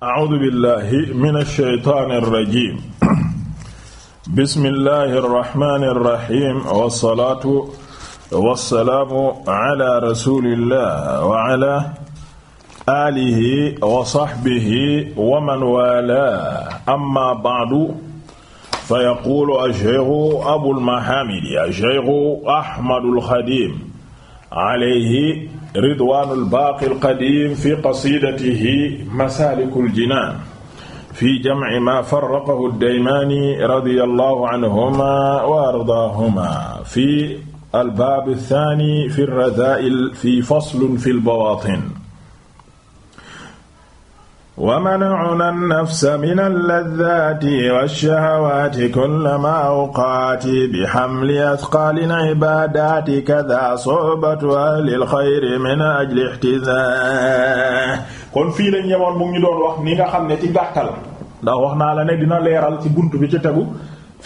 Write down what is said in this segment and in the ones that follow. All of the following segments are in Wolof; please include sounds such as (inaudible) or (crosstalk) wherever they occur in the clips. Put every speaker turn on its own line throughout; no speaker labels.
A'uuzu billaahi mina shaytaani rajiim. Bismillaahi rahmaani rahiim. Wassalaatu wassalaamu alaa rasuulillaah wa alaa aalihi wa sahbihi wa man waalaahu. Ammaa ba'du, fayaquulu ash-shaykhu Abul Mahaamid ash-shaykhu Ahmadul Xadiim alayhi ridwaanul baaqil qadiim fi qasiidatihi masaalikul jinaan fi jamci maa farraqahu daymaani radiyallahu anhumaa wa ardaahumaa fi albaabi saani fi razaa'il fi faslun fil bawaatin wa mana'na an-nafsa min al-ladhaati wash-shahawaati kullamaa awqaati bi hamli athqaalin ibaadaati kadhaa suhbatu ahlil khayri min ajli ihtidhaa kon fii lañ yemoon mu ngi doon wax ni nga xam ne ci gàttal ndax wax naa la ne dina leeral ci bunt bi ci tegu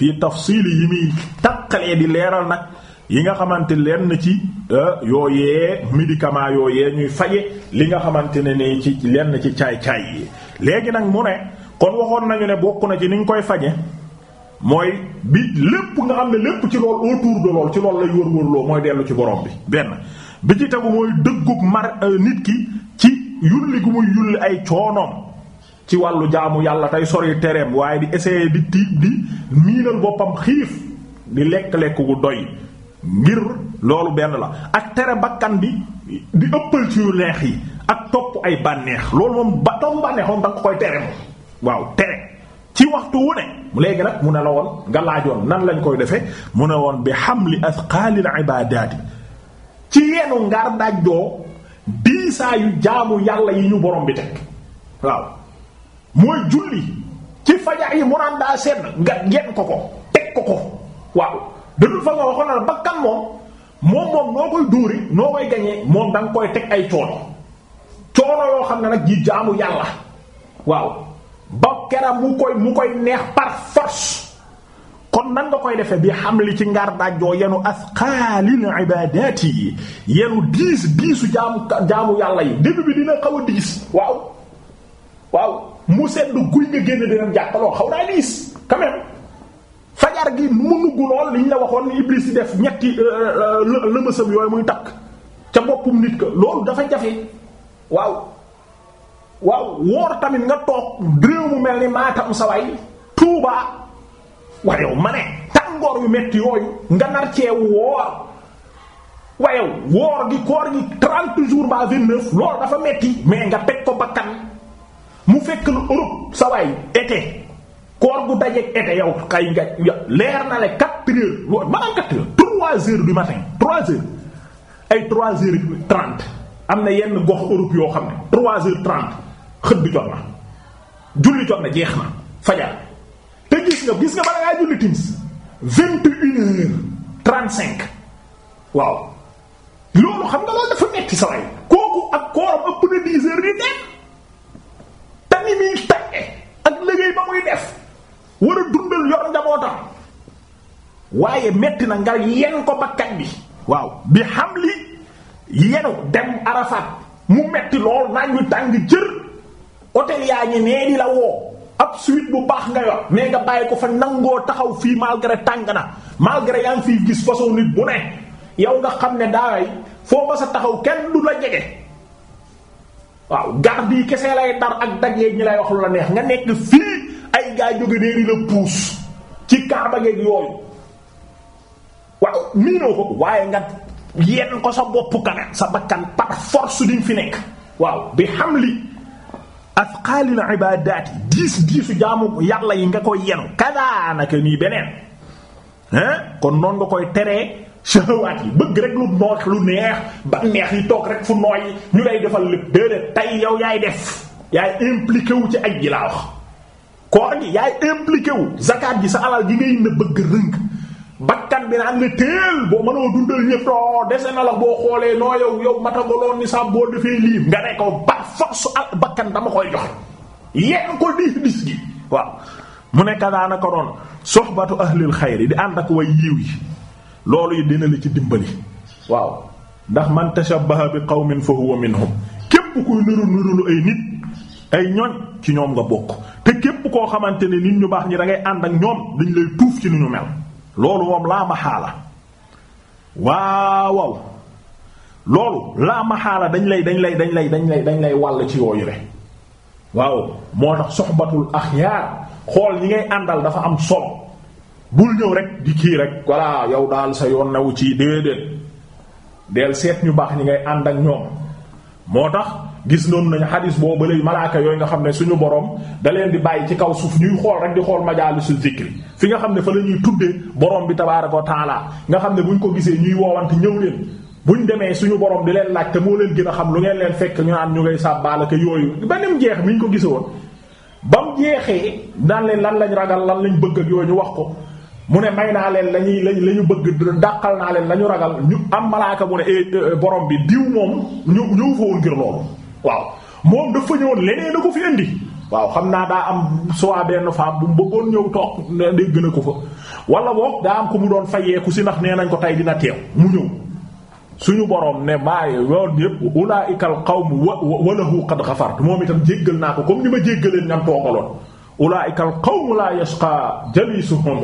fii tafsiili yi muy taqalee di leeral nag yi nga xamante lenn ci euh, yooyee médicament yooyee ñuy faje li nga xamante ne ni ci lenn ci caay-caay yi léegi nag mu ne kon waxoon nañu ne bokk na ci ni ñu koy faje mooy bi lépp nga xam ne lépp ci lool autour de lool ci lool lay wër wërloo mooy dellu ci borom bi benn bi ci tegu mooy dëggub mar euh, nit ki ci yulli gu muy yulli ay coonoom ci wàllu jaamu yàlla tey sori tereem waaye di essayer di tiit di miinal boppam xiif di lekk-lekk gu doy ngir loolu benn la ak tere bakkan bi di ëppal ci yu neex yi ak topp ay bànneex loolu moom ba topp bànneex moom koy tere moom waaw tere ci waxtu wu ne léegi nag mu ne la woon nga laajoon nan lañ koy defee mu ne woon bi xamli asqaalil ibaadaati ci yeenu ngaar daaj doo diisaa yu jaamu yàlla yi ñu borom bi teg waaw mooy julli ci fajar yi mu naan daa sedd nga yenn ko ko teg ko ko waaw de toute façon waxoon na la bakkan moom moom moom noo koy dóori noo koy gañee moom da nga koy teg ay coono coono yoo xam ne nag ji jaamu yàlla waaw ba kera mu koy mu koy neex par force kon nan nga koy defee bi xam li ci ngar daajoo yenu asqaalil ibadaat yi yenu diis diisu jaamu jaamu yàlla yi début bi dina xaw a diis waaw waaw mu seddu guy nga génn dina jàppaloo xaw naa diis quand bàkkaar gi mu liñ la waxoon Iblis yi def ñetti euh, euh, lëmasam yooyu muy takk ca boppum nit ka loolu dafa jafe waaw waaw woor tamit nga toog réew mu mel ni Matam saway Tuubaa wayow ma ne tàngoor yu metti yooyu nga nar ceewu woor wayow gi koor gi trente jours ba vingt-neuf loolu dafa metti mais nga teg ko bakkan mu fekk lu Europe saway été koor gu dajeeg été yow xay nga leer na le quatre heures loolu maanaam quatre heures trois heures du matin trois heures ay trois heures trente am na yenn gox Europe yoo xam ne trois heures trente xëdd jot na julli jot na jeex na fajar te gis nga gis nga bala ngaa julli timis waaw loolu xam nga loolu dafa metti sa way kooku ak kooram ëpp na dix heures yi dem tani muy tànge ak liggéey ba muy def war a dundal yor njabootam waaye metti na nga yen ko bakkan bi waaw bi xam li yenu dem Arafat mu metti lool naaj wi tàng jër hôtel yaa ñi nee di la woo ab suite bu baax nga yor mais nga bàyyi ko fa nangoo taxaw fii malgré tàng na malgré yaa ngi fii gis façon nit bu ne yow nga xam ne daaway foo ba sa taxaw kenn du la jege waaw garde yi kese lay dar ak dajee ñi lay wax lu la neex nga nekk fii ay gaa jóge dee la puus ci kaaba geeg yooyu waaw miinoo ko waaye nga yenn ko sa boppu kanet sa bakkan par force fi nekk waaw bi xam li afqaalil ibadaati diis diisu jaamu yàlla yi nga koy yenu kadaanaka nii beneen hein kon noon nga koy teree shahawaat yi bëgg rek lu noox lu neex ba neex yi toog rek fu nooy ñu lay defal lépp déedéet tey yow yaay def yaay impliqué wu ci aj ji laa wax koor gi yaay impliqué wu zakat sa alal gi ngay na bëgg rënk bakkan bi naan ne teel boo mënoo dundal ñëpp doo oh, dese na la boo xoolee noo yow yow matagaloon ni sa boo defee lii nga ne ko ba force al bakkan dama koy jox yéen ko diis diis gi waaw mu nekk daanaka doon soxbatu ahlil xayri di ànd ak way yiw yi loolu yi dina la ci dimbali waaw ndax man tashabbaha bi qawmin fa huwa minhum képp kuy nuru nuru lu ay nit ay ñoñ ci ñoom nga bokk te képp koo xamante ne nit ñu baax ñi da ngay ànd ak ñoom dañ lay tuuf ci ni ñu mel loolu moom laa ma xaala waaw loolu laa ma xaala dañ lay dañ lay dañ lay dañ lay dañ lay wàll ci yooyu rek waaw moo tax soxbatul axyaar xool ñi ngay àndal dafa am solo bul ñëw rek di kii rek voilà yow daal sa yoon nawu ci déedéet del seet ñu baax ñi ngay ànd ak ñoom moo tax. gis noonu nañu xadis boobu lay malaaka yooyu nga xam ne suñu boroom da leen di bàyyi ci kaw suuf ñuy xool rek di xool majaalisu zikri fi nga xam ne fa la ñuy tuddee borom bi tabaaraka wa taala nga xam ne bu buñ ko gisee ñuy woowante ñëw leen bu ñu demee suñu borom di leen laaj te moo leen gën a xam lu ngeen leen fekk ñu naan ñu ngay sàbbaal ak yooyu ba nim jeex mi ñu ko gisee woon ba mu jeexee daan leen lan lañ ragal lan lañ bëgg ak yooyu ñu wax ko mu ne may naa leen lañuy lañ la ñu bëgg dàqal naa leen la ñu ragal ñu am malaaka mu eh, eh, borom bi diw moom ñu ñëw fa ngir loolu waaw moom dafa ñëwoon leneen da ko fi indi waaw xam naa daa am soit benn femme bu mu bëggoon ñëw toog dégg na ko fa wala boo daa am ko mu doon fayeeku si ndax nee nañ ko tey dina teew mu ñëw suñu borom ne bàyyi yoon yëpp ulaa'ikal qawmu wa walahu qad ghafart moom itam jéggal naa ko comme ni ma jéggaleen ñam toogaloon ulaa'ikal qawmu laa yasqa jalisuhum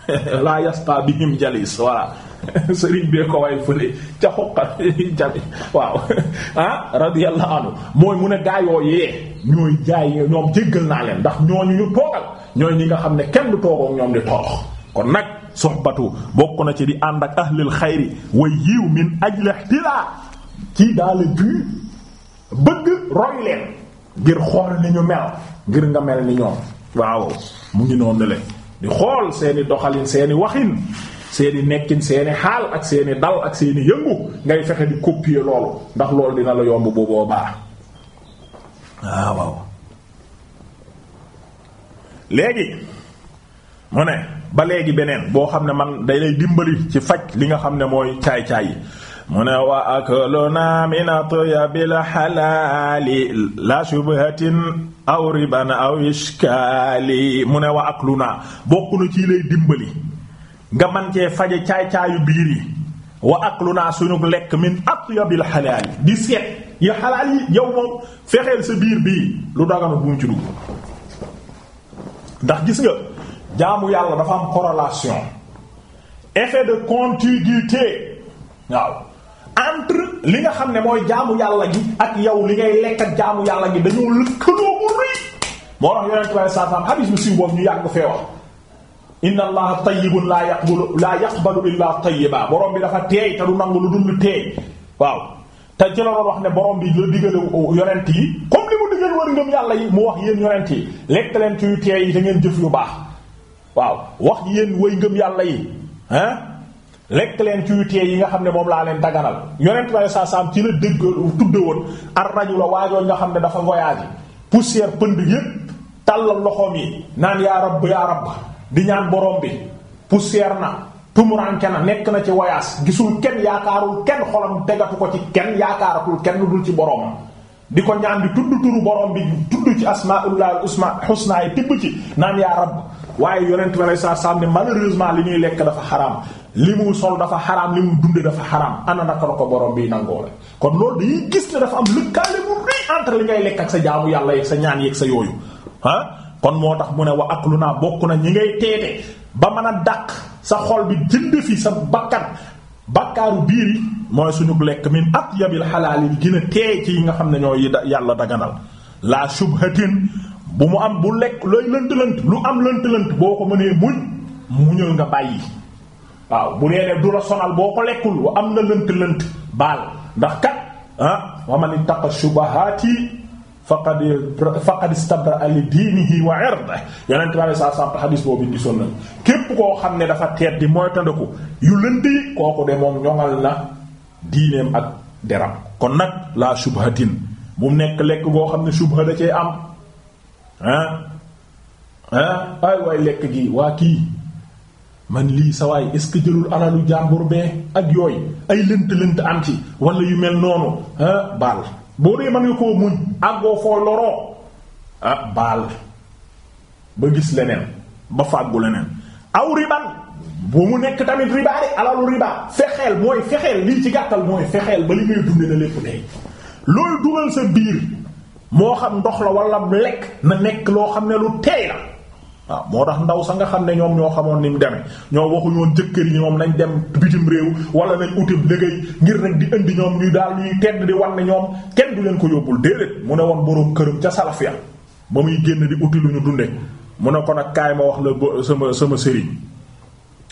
(laughs) laa yasqa bihim jalis voilà (laughs) sëriñ bee ko way fële ca xoqat (laughs) jabi waaw (laughs) ah radiyallahu anhu mooy mu ne gaayoo yee ñooy jaay ñoom jéggal naa leen ndax ñooñu ñu toogal ñooy ñi nga xam ne kenn du toogook ñoom di toox kon nag soxbatu bokk na ci di ànd ak ahlil xayri way yiw min ajli ihtilaa ci dans le but bëgg roy leen ngir xool ni ñu mel ngir nga mel ni ñoom waaw mu ngi noonu le di xool seeni doxalin seeni waxin seeni nekkin seeni xaal ak seeni dal ak seeni yëngu ngay fexe di copier loolu ndax loolu dina la yomb bu boobaa waaw waaw léegi mu ne ba léegi beneen boo xam ne man day lay dimbali ci faj li nga xam ne mooy caay-caay yi mu ne wa akluna min atyabil xalaali la shubhatin aw riban aw ishkaali mu ne wa akluna bokk na ci lay dimbali nga man cee faje caay-caayu biir yi wa aklu naa suñu lekk min atyabil xalaal yi di seet yi xalaal yi yow moom fexeel sa biir bii lu daganu bu mu ci dugg ndax gis nga jaamu yàlla dafa am corrélation effet de contiguïté waaw entre li nga xam ne mooy jaamu yàlla gi ak yow li ngay lekk ak jaamu yàlla gi dañoo lëkkaloo bu rëy moo tax yonent bi sallallahu alayhi wasallam hadith bi siiw boobu ñu yàgg fee wax inna allaha tayyibun laa yaqbalu laa yaqbalu illaa tayyiba borom bi dafa teey te du nangu lu dul teey waaw te ci la doon wax ne borom bi la digale yonent yi comme yàlla yi mu wax yéen yonent yi lekk leen ci yu teey yi te ngeen jëf yu baax waaw wax yéen way ngëm yàlla yi ah lekk leen ci yu teey yi nga xam ne moom laa leen daganal yonent sa saa saam ci la dégg tudde woon ar rajula waajoon nga xam ne dafa voyage poussière pënd yépp tàllal loxoom yi naan yaa rabb yaa rabb di ñaan borom bi poussière na tumuranke na nekk na ci wayaas gisul kenn yaakaarul kenn xolam tegatu ko ci kenn yaakaaratul kenn dul ci boromam di ko ñaan di tudd turu borom bi tudd ci asmaullahi usma husna yi tibb ci naan yaa rab waaye yonent bi alei satu malheureusement li ñuy lekk dafa xaraam li mu sol dafa xaraam li muy dunde dafa xaraam ana naka la ko borom bii nangoo la kon loolu dañuy gis ne dafa am lëkkaale bu rëy entre li ngay lekk ak sa jaamu yàlla yeeg sa ñaan yeeg sa yooyu ah. kon moo tax mu ne wa ak lu naa bokk na ñi ngay teete ba mën a dàq sa xol bi jënd fi sa bakkan bakkaaru biir yi mooy suñu lekk min at yabil xalaal yi gën a teey ci yi nga xam ne ñooy yàlla daganal laa subhatin bu mu am bu lekk looy lënt lënt lu am lënt lënt boo ko mënee muñ muñal nga bàyyi waaw bu dee ne du la sonal boo ko lekkul am na lënt lënt baal ndax kat ah wa man ittaqa shubahaati faqad faqad istabra li diinihi wa irdihi yonent bi saa sàmp xadiis boobu gisoon nañ képp koo xam ne dafa teet di mooy ko yu lëndëy kooku de moom ñoŋal na diineem ak deram kon nag laa subhatin bu nekk lekk goo xam ne subha da cee am ah ay waay lekk gi waa kii man lii sa waay est-ce que jëlul alalu jàmbur bee ak yooyu ay lënt lënt am ci wala yu mel noonu ah baal boo dee mën nga koo muñ àggoo foo loroo ah baal ba gis leneen ba fàggu leneen aw riban bu mu nekk tamit ribaari alalu riba fexeel mooy fexeel lii ci gàttal mooy fexeel ba li ngay dunde na lépp dee looy dugal sa biir moo xam ndox la wala lekk na nekk loo xam ne lu teey la waaw moo tax ndaw sa nga xam ne ñoom ñoo xamoon ni mu deme ñoo waxuñu woon jëkkër yi ñoom nañ dem bitim réew wala nañ uti liggéey ngir rek di indi ñoom ñuy daal ñuy di wan ne ñoom kenn du leen ko yóbbul déedéet mu ne woon boroom këram ca salaf ya ba muy génn di uti lu ñu dunde mu ne ko nag kaay ma wax la sama sama sëriñ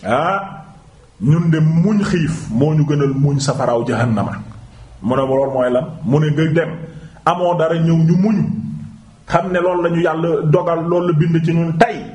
ah ñun de muñ xiif moo ñu gënal muñ safaraaw jahannama mu ne loolu mooy lan mu ne nga dem amoo dara ñëw ñu muñ xam ne loolu lañu yàlla dogal loolu la bind ci ñun tey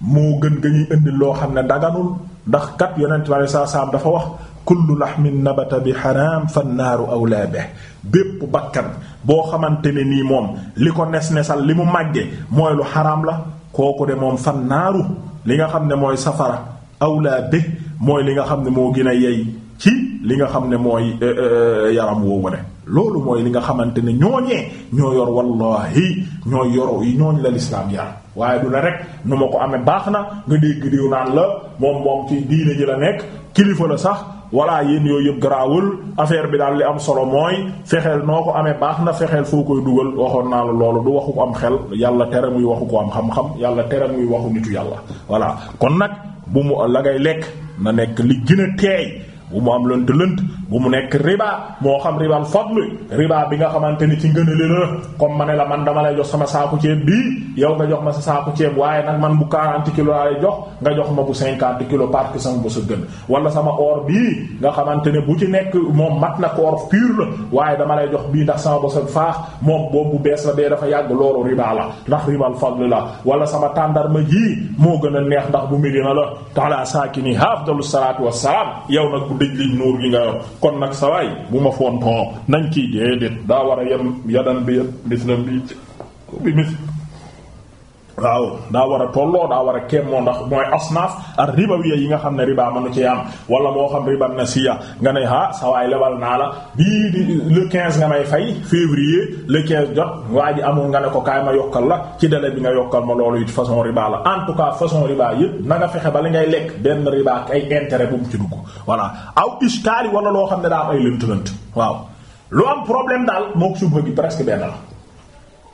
moo gën ga ñuy indi loo xam ne daganul ndax kat yonent bi saa saam dafa wax kullu lahmin nabata bi haram fan naaru awla bih bépp bakkan boo xamante ne nii moom li ko nes nesal li mu màgge mooy lu xaraam la kooku de moom fan naaru li nga xam ne mooy safara awla bih mooy li nga xam ne moo gën a yey ci li nga xam ne mooy eh, eh, eh, yaram woowu ne loolu mooy li nga xamante ne ñooñee ñoo yor wallahi ñoo yoroo yi ñooñ la lislaam yaram waaye du la rek nu ma ko amee baax na nga dégg diw naan la moom moom ci diine ji la nekk kilifa la sax voilà yéen yooyu yëpp garaawul affaire bi daal li am solo mooy fexeel noo ko amee baax na fexeel foo koy dugal waxoon naa la loolu du waxu ko am xel yàlla tere muy waxu ko am xam-xam yàlla tere muy waxu nitu yàlla. voilà kon nag bu mu la ngay lekk na nekk li gën a teey bu mu am lënt lënt bu mu nekk riba moo xam ribal fadlu riba bi nga xamante ni ci ngënale la comme ma ne la man dama lay jox sama saaku ceeb bii yow nga jox ma sa saaku ceeb waaye nag man bu 40 kilos lay jox nga jox ma bu 50 kilos parce que sama bu sa gën wala sama or bii nga xamante ne bu ci nekk moom mat na ko or la waaye dama lay jox bii ndax sama bu sa faax moom boobu bu bees la bee dafa yàgg loolu riba la ndax ribal fadlu la wala sama tàndarma jii moo gën a neex ndax bu Medina la taala saakini afdalu salaatu wassalaam yow dëj li nuur gi nga kon nag sawaay bu ma fonton nañ ciy déedéet daa war a yem yadan bi yem mislam bi bi mis waaw daa war a tolloo daa war a kéemoo ndax mooy asnaaf ak ribawiya yi nga xam ne riba mënu ci am wala moo xam riba nasiya nga ne ah sawaay lebal naa la bii di le quinze nga may fay février le quinze jot waa ji amul nga ne ko kaay ma yokkal la ci délai bi nga yokkal ma loolu it façon riba la en tout cas façon riba yëpp na nga fexe ba li ngay lekk benn riba ak ay intérêt bu mu ci dugg voilà aw iskaali wala loo xam ne daa am ay lënt-lënt waaw lu am problème daal mook suba gi presque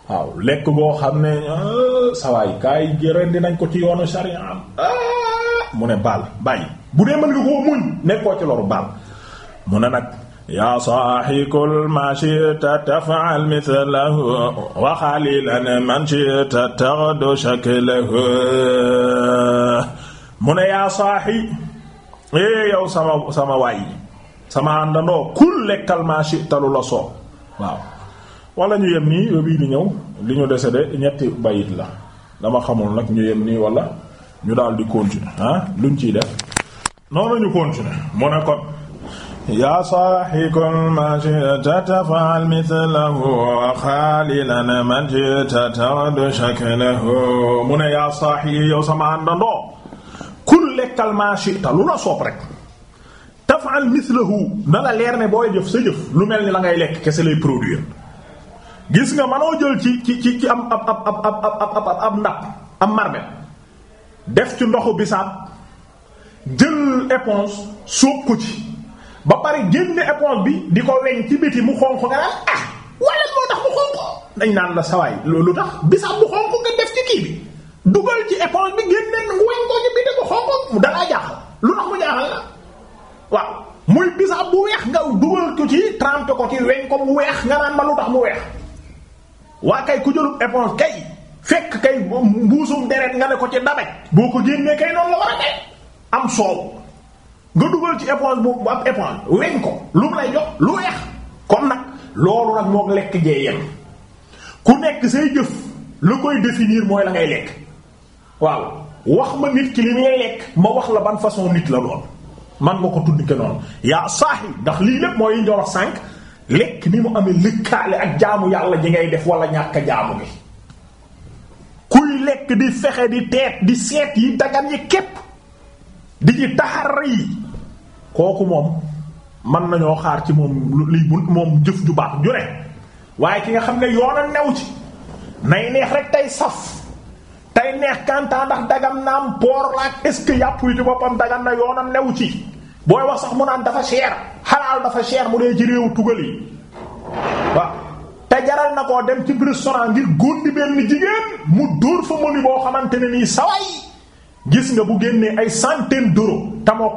waaw lekk boo xam ne ah, sawaay kaay jëreen dinañ ko ci yoonu sharia ah, mu ne baal bàyyi bu dee mën nga koo nekkoo ci loru baal mu ne nag yaa saaxi kul ma shi'ta taf'al mithlahu wa xalilan man shi'ta taghdu shaklahu mu ne yaa saaxi eh yow sama sama waay sama àndandoo kul lekkal ma shi'ta la soob waaw wala ñu yem nii bii di ñëw li ñu dese de ñetti bayit la dama xamul nag ñu yem nii wala ñu daal di continuer ah luñ ciy def noonu ñu continuer mu ne kon yaa saaxikul ma shi'ta fa'al mithlahu wa xaalilan man yow sama àndandoo kul lekkal ma shi'ta lu la soob rek taf'al mithlahu na leer ne booy jëf sa jëf lu mel ni la ngay lekk kese lay produire gis nga manoo jël ci ci ci ci am ab ab ab ab ab ab ndab am marbe def ci ndoxu bisaab jël éponge sóob ko ci ba pare génne éponge bi di ko weñ ci biti mu xonq nga daal ah wala moo tax mu xonq dañ naan la sawaay loolu tax bisaab bu xonq nga def ci kii bi dugal ci éponge bi génne weñ ko ci biti mu xonq mu dalaa jaaxal lu tax mu jaaxal la waaw muy bisaab bu weex nga dugal ko ci trempé ko ci weñ ko mu weex nga naan ma lu tax mu weex waa kay ku jëlub éponge kay fekk kay mbuusum deret nga ne ko ci dabaj boo ko génnee kay noonu la war a kay dugal ci éponge bu am éponge weñ ko lu lay jox lu kon nag loolu nag moo lekk jee yem ku nekk say jëf lu koy définir mooy la ngay lekk waaw wax ma nit ki li ngay lekk ma wax la ban façon nit la doon man nga ko tudd ke noonu yaa saahi ndax lii lépp mooy yi ñu sànq lekk ni mu amee lëkkaale ak jaamu yàlla ji ngay def wala ñàkk jaamu gi kuy lekk di fexe di teet di seet yi dagan yi képp di ji taxar yi kooku moom mën nañoo xaar ci moom li moom jëf ju baax ju waaye ki nga xam ne yoona new ci nay neex rek tey saf tey neex kantaa ndax dagam naam poor laak est ce que yàpp yi ci boppam dagan na yoonam new ci booy wax sax mu naan dafa cher xalaal dafa cher mu dee ci réew tugal yi waaw te jaral na koo dem ci restaurant ngir góndi benn jigéen mu dóor fa ni boo xamante ne nii saway gis nga bu génnee ay centaine d'euros tamoo